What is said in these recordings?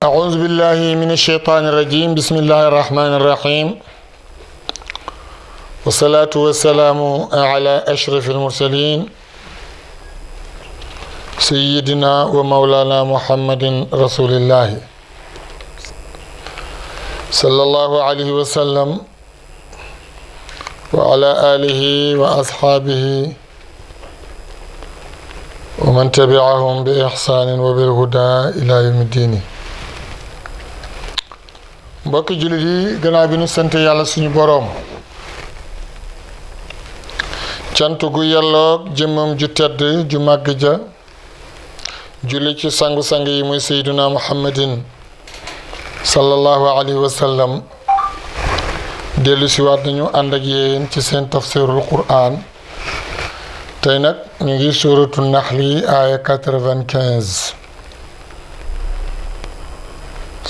أعوذ بالله من الشيطان الرجيم بسم الله الرحمن الرحيم والصلاة والسلام على أشرف المرسلين سيدنا ومولانا محمد رسول الله صلى الله عليه وسلم وعلى آله وأصحابه ومن تبعهم بإحسان وبالهدى إلى يوم الدين mbokki jullit yi gannaaw bi nu sant yàlla suñu boroom cant gu yelloog jëmmam ju tedd ju màgg ja julli ci sangu-sang yi muy seyduna muhammadin sallallahu alayhi wa sallam dellu si waat nañu ànd ak ci seen tafsirul quran tey nag ñu ngi suratu naxli aaya quatre vingt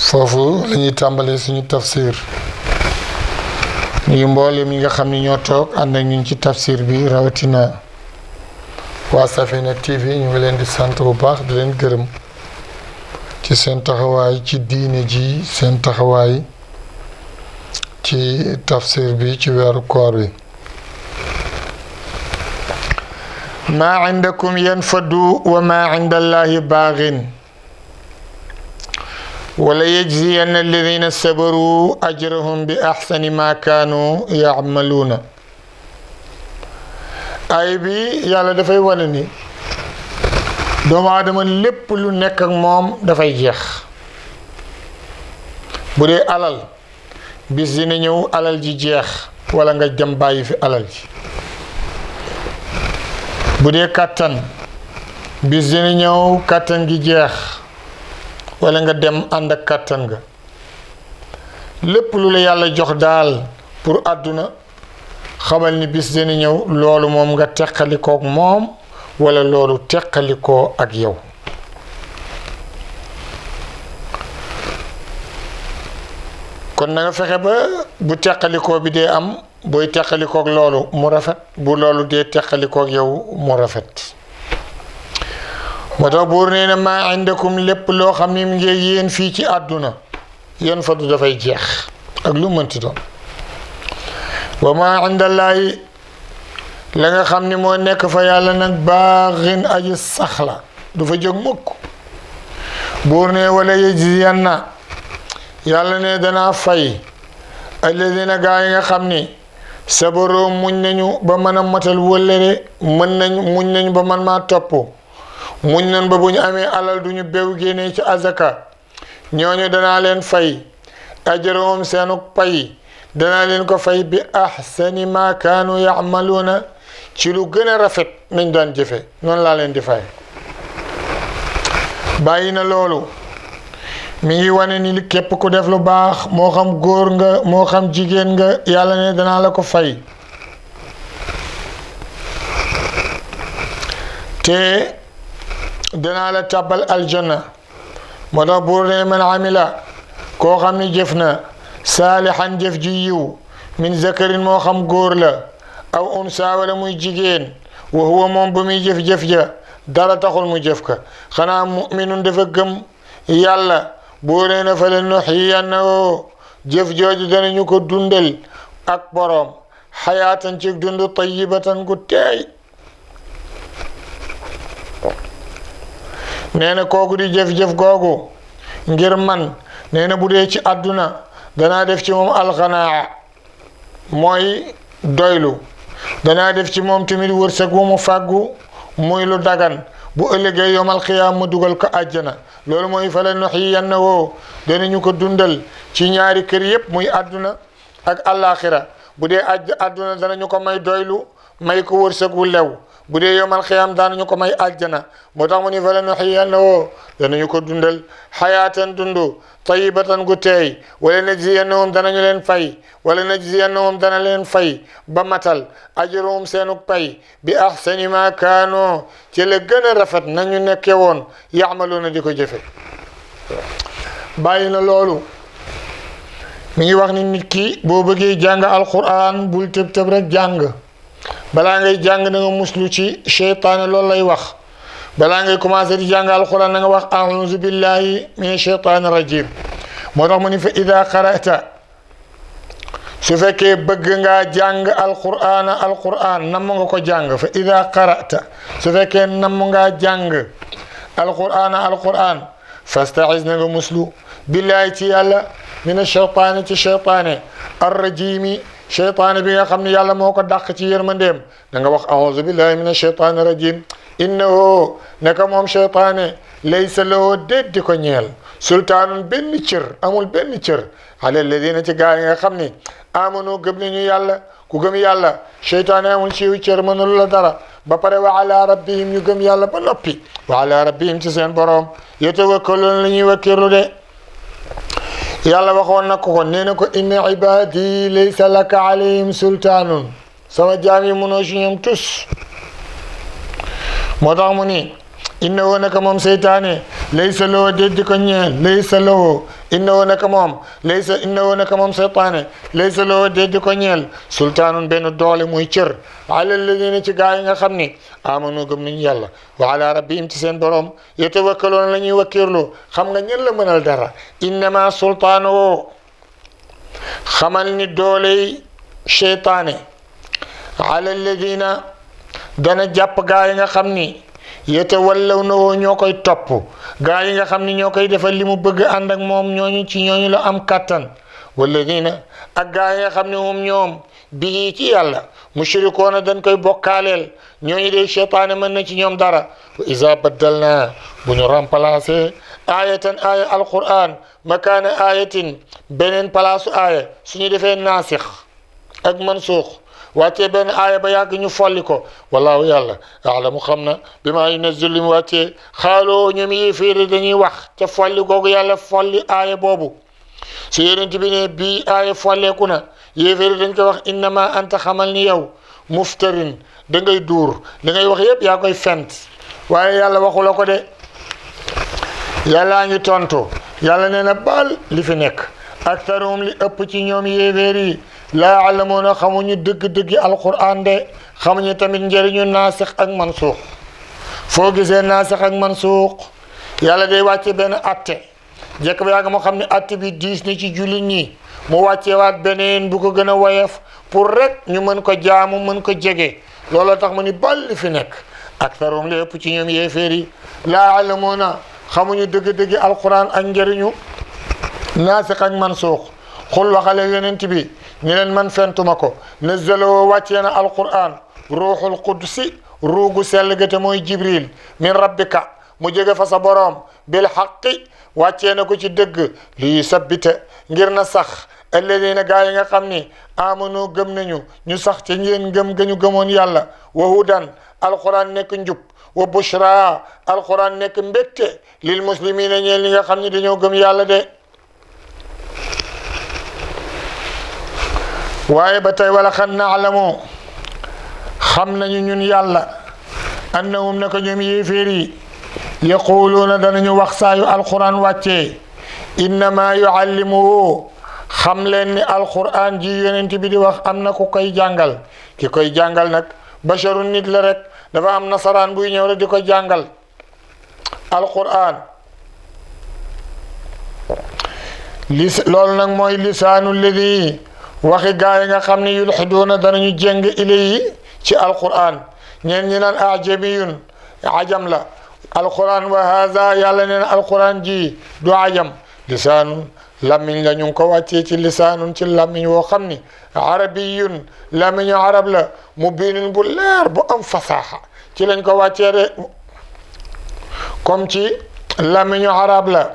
foofu la ñuy tàmbalee suñu tafsir ñu mboolem ñi nga xam ni ñoo toog ànd ak ñun ci tafsir bi rawatina waa Safina TV ñu ngi leen di sant bu baax di leen gërëm ci seen taxawaay ci diine ji seen taxawaay ci tafsir bi ci weeru koor bi maa indakum yanfadu wa maa inda allahi baaxin wala yajziyanna alladina sabaru ajrahum bi axsani ma kaanu yaamaluuna ay bi yàlla dafay wane ni doomu aadama lépp lu nekk ak moom dafay jeex bu dee alal bis dina ñëw alal ji jeex walla nga dem bàyyi fi alal ji bu dee kàttan bis dina ñëw kàttan gi jeex wala nga dem ànd ak kàttan nga lépp lu la yàlla jox daal pour àdduna xamal ni bis dina ñëw loolu moom nga teqalikoo moom walla loolu teqalikoo ak yow kon na nga fexe ba bu teqalikoo bi dee am booy teqalikook loolu mu rafet bu loolu dee teqalikook yow mu rafet moo tax buur nee na maa indakum lépp loo xam ne mu ngi yéen fii ci àdduna yéen fa du dafay jeex ak lu mënti doon wa maa la nga xam ni moo nekk fa yàlla nag baaxin aji sax la du fa jóg mukk buur ne wala yajziyanna yàlla ne danaa fay alladina gaa yi nga xam ni sabaroo muñ nañu ba man a matal wëllëre mën na muñ nañu ba man maa topp muñ nan ba bu ñu amee alal du ñu béw génnee ci azaka ñooñu dana leen fay ajaroom seenu pay danaa leen ko fay bi seeni maakaanu kaanu yamaluuna ci lu gën a rafet nañ daan jëfe noonu laa leen di fay bàyyi na loolu mi ngi wane ni képp ku def lu baax moo xam góor nga moo xam jigéen nga yàlla ne danaa la ko fay te دنالا تابل الجنة مدبور من عملا كو خمي جفنا صالحا جف جيو من ذكر مو خم غورلا او انسا ولا موي جيجين وهو مون بمي جف جف جا دارا تخول مو جفكا خنا مؤمن دفا گم يالا بورينا فلنحيي انه جف جوجو دنا نيوكو دوندل اك بروم حياتن چيك دوند طيبه كو تاي nee na kooku di jëf-jëf googu ngir man nee na bu dee ci àdduna danaa def ci moom alxanaa mooy doylu danaa def ci moom tamit wërsëg wu mu fàggu muy lu dagan bu ëllëgee yomal xiyaam mu dugal ko àjjana loolu mooy fale nox yi yenn woo danañu ko dundal ci ñaari kër yépp muy àdduna ak àllaaxira bu dee àdduna danañu ko may doylu may ko wërsëg wu lew bu dee yowmal xiyaam ñu ko may àjjana moo tax mu ni fa lanuhyiyannahu ñu ko dundal xayaatan dundu tayibatan gu teey wala najziyannahum danañu leen fay wala najziyannahum dana leen fay ba matal ajruhum seenuk pay bi ahsani ma kaanoo ci la gën a rafet nañu nekke woon na di ko jëfe bàyyi na loolu mi ngi wax ni nit ki boo bëggee jàng alquran bul tëb tëb rek jàng balaa ngay jàng na nga muslu ci cheytaane loolu lay wax balaa ngay commencé di jàng alquran na nga wax a billahi min cheytaani rajim moo tax mu ni fa ida qara'ta su fekkee bëgg ngaa jàng alquran alquran namm nga ko jàng fa ida qara'ta su na nga muslu billahi ci yàlla min cheytaane ci cheytaane arrajimi cheytaane bi nga xam ne yàlla moo ko dàq ci yërmandeem da nga wax aouzu billahi min asheytaani rajim innahu neka moom cheytaane laysa lahu déet di ko ñeel sultaanun benn cër amul benn cër ala ladina ci gaa yi nga xam ni amanu gëm nañu yàlla ku gëm yàlla cheytaane amul ciwu cër mënul la dara ba pare wa ala rabbihim ñu gëm yàlla ba noppi wa ala rabbihim ci seen boroom yatawakkaluun la ñuy wakkilu de يلا بخوان نكون ننكو إن عبادي ليس لك عليهم سلطان سوى جامي منوشيهم مدعموني ഇന്നോനക്കമോം സേറ്റാനെ ലൈസലോ കുഞ്ഞ് ലൈസലോ ഇന്നോനക്കമോം ലൈസ ഇന്നോനക്കമോം സേത്താനെ ലൈസലോ കുഞ്ഞൽ സുൽത്താനുൻ ബെനുദ്ദോളി മുയിച്ചിർ അലല്ലതിനിച്ച് ഗായങ്ങ ഹംനി ആമനുഗം നിഞ്ഞല്ല വാലാ റബ്ബിയും ചിസേൻ ബറോം യതവക്കലോന ലഞ്ഞി വക്കീർലു ഹംഗ ഞെല്ല മുനൽ ഡറ ഇന്നമാ സുൽത്താനോ ഹമൽനി ഡോളി ഷേത്താനെ അലല്ലതിന ദന ജപ്പ് ഗായങ്ങ ഹംനി yatawallawnahu ñoo koy topp gaa yi nga xamni ñokay defal limu bëgg ànd ak mom ñoñu ci ñoñu la am katan walladina ak gaay nga xamni mom ñom bi ci yàlla mushrikoona dañ koy bokalel ñooñu dee cheytaane mën na ci ñom dara iza badalna bu ñu ayatan ay alquran makana ayatin benen place ay suñu defé nasikh ak mansukh wàccee benn aaya ba yàgg ñu folli ko wallahu yàlla alamu xam na bi maa yunazzil li mu wàccee xaaloo ñoom yi fiiri dañuy wax ca folli googu yàlla folli aaya boobu su yonent bi ne bii aaya folleeku na yéeféeri dañ ko wax innama anta xamal ni yow muftarin da ngay duur da ngay wax yépp yaa koy fent waaye yàlla waxu ko de yàllaa ngi tontu yàlla nee na baal li fi nekk aktaruhum li ëpp ci ñoom yéeféer yi laa alamuuna xamuñu dëgg-dëggi alquran de xamuñu tamit njëriñu naasix ak mansuux foo gisee naasix ak mansuux yàlla day wàcce benn atte jekk ba yàgg moo xam ne atte bi diis na ci jullit ñi mu wàcceewaat beneen bu ko gën a woyof pour rek ñu mën ko jaamu mën ko jege looloo tax mu ni ball fi nekk aktarum li ëpp ci ñoom yéeféer yi laa alamuuna xamuñu dëgg-dëggi alquran ak njëriñu naasix ak mansuux xul waxale yonent bi ñu leen man fentuma ko nazzaloo wàccee na alquran ruuxul qudsi ruugu sell ga te mooy jibril min rabbika mu jóge fa sa boroom bil xaqi wàccee na ko ci dëgg lii sabbita ngir na sax alladina gaa yi nga xam ni amanu gëm nañu ñu sax ci ngeen gëm ga ñu gëmoon yàlla wa hudan alquran nekk njub wa bushra alquran nekk mbégte lil muslimina ñeen li nga xam ni dañoo gëm yàlla de waye batay tey wala xan naalamu xam nañu ñun yàlla annahum nako ko ñoom yéeféer yi yaquluuna danañu wax saayu alquran wàccee innama yu'allimu xam leen ni alquran ji yonent bi di wax am na koy jàngal ki koy jàngal nak basharun nit la rek dafa am nasaran buy ñëw rek diko jàngal alquran lis lol nak moy lisanul ladhi waxi gaa yi nga xam ne yulxiduuna danañu jéng ilayi ci alquran ñeen ñi naan ajamiyun ajam la alquran wa haada yàlla neen alquran ji du ajam lisaanun làmmiñ la ñu ngi ko wàccee ci lisaanun ci làmmiñ woo xam ni arabiyun làmmiñu arab la mubiinun bu leer bu am fasaaxa ci lañ ko wàccee de comme ci làmmiñu arab la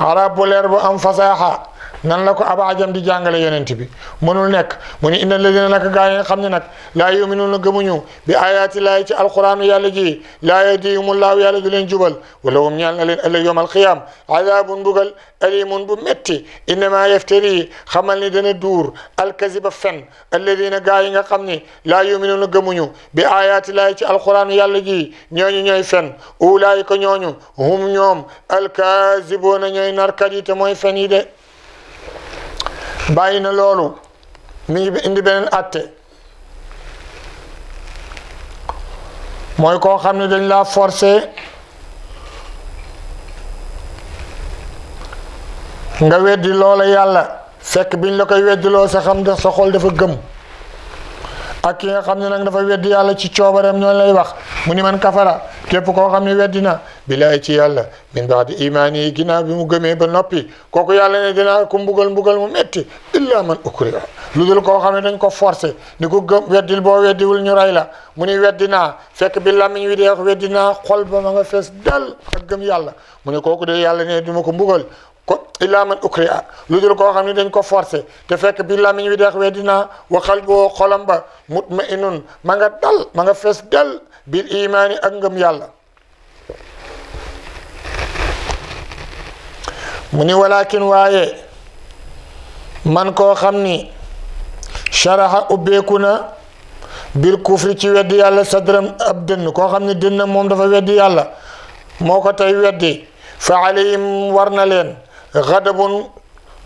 arab bu leer bu am fasaaxa nan la ko aba ajam di jàngale yonent bi munul nek muni innal ladina nak nag gaa yi nga xam ne nag laa yuminuuna gëmuñu bi ayati laayi ci alquraanu yàlla ji yadimu yahdihumullaahu yàlla du len jubal wala wum ñaan na leen ëllëg yowm alqiyam adaabun mbugal alimun bu metti inma yaftari xamal ni dana dur alkaziba fen alladina gaa nga xamni la yu'minuna yuminuuna gëmuñu bi ayati laayi ci alquran yàlla ji ñoñu ñoy fen ulaayika ñoñu hum ñom alkazibuna ñoy narkadi te moy fen yi de bàyyi na loolu mi ngi indi beneen atte mooy koo xam ne dañ laa forcé nga weddi loola yàlla fekk biñ la koy weddiloo sa xam ne sa xol dafa gëm ak ki nga xam ne nag dafa weddi yàlla ci coobareem ñoo lay wax mu ni man kafara képp koo xam ne weddi billaay ci yàlla min baadi imaan yi gina bi mu gëmee ba noppi kooku yàlla ne dinaa ko mbugal mbugal mu metti illa man ukriha lu dul koo xam ne dañ ko forcé ni ko gëm weddil boo weddiwul ñu rey la mu ni weddi naa fekk bi làmmiñ wi dee naa xol ba ma nga fees dal gëm yàlla mu ne kooku yàlla ne duma ko mbugal ko illaa man ukriha lu dul koo xam ne dañ ko forcé te fekk bi làmmiñ wi deex wa dinaa waxal boo xolam ba mutmainun ma nga dal ma nga fees dal bil imaani ak ngëm yàlla mu ni walakin waaye man koo xam ni sharaxa ubbeeku na bil kufri ci weddi yàlla sadram ab dënn koo xam ni dënn moom dafa weddi yàlla moo ko tey weddi fa alayhim war na leen xadabun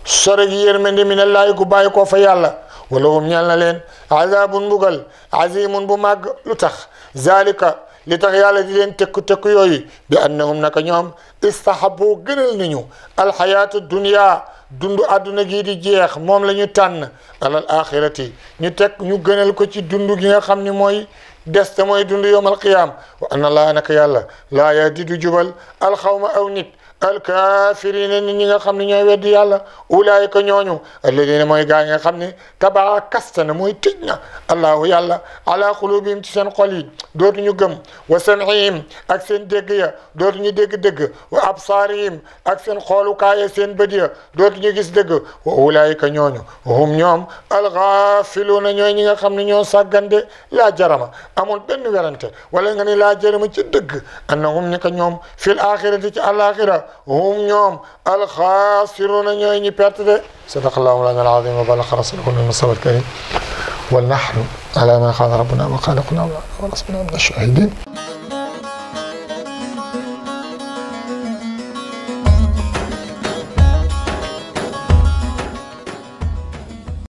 sore gi yërmande minallaahi ku bàyyi koo fa yàlla wala hum ñal na leen azabun mbugal azimun bu màgg lu tax zalika li tax yàlla di leen tekku tekku yooyu bi annahum naka ñoom istahabu gënal nañu alxayaatu dunia dundu àdduna gii di jeex moom la ñu tànn alal axirati ñu teg ñu gënal ko ci dund gi nga xam ni mooy des te mooy dund yowm alqiyaam wa anna laa naka yàlla laa yahdi du jubal alxawma aw nit alkaafiriina nit ñi nga xam ne ñooy weddi yàlla ulaayika ñooñu alladina mooy gaa yi nga xam ne tabaa kasta na mooy tëj na allahu yàlla ala xulubihim ci seen xol yi dootuñu gëm wa samihim ak seen dégg ya dootuñu dégg dëgg wa absaarihim ak seen xoolukaaya seen bët ya ñu gis dëgg wa ulaayika ñooñu hum ñoom alxaafiluuna ñooy ñi nga xam ne ñoo sàggande la jarama amul benn werante wala nga ni laa jarama ci dëgg annahum ñi ka ñoom هم يوم الخاسرون يوم يبتدى صدق الله مولانا العظيم وبلغ رسوله من الصبر الكريم ونحن على ما قال ربنا وقال قلنا ورسولنا من الشاهدين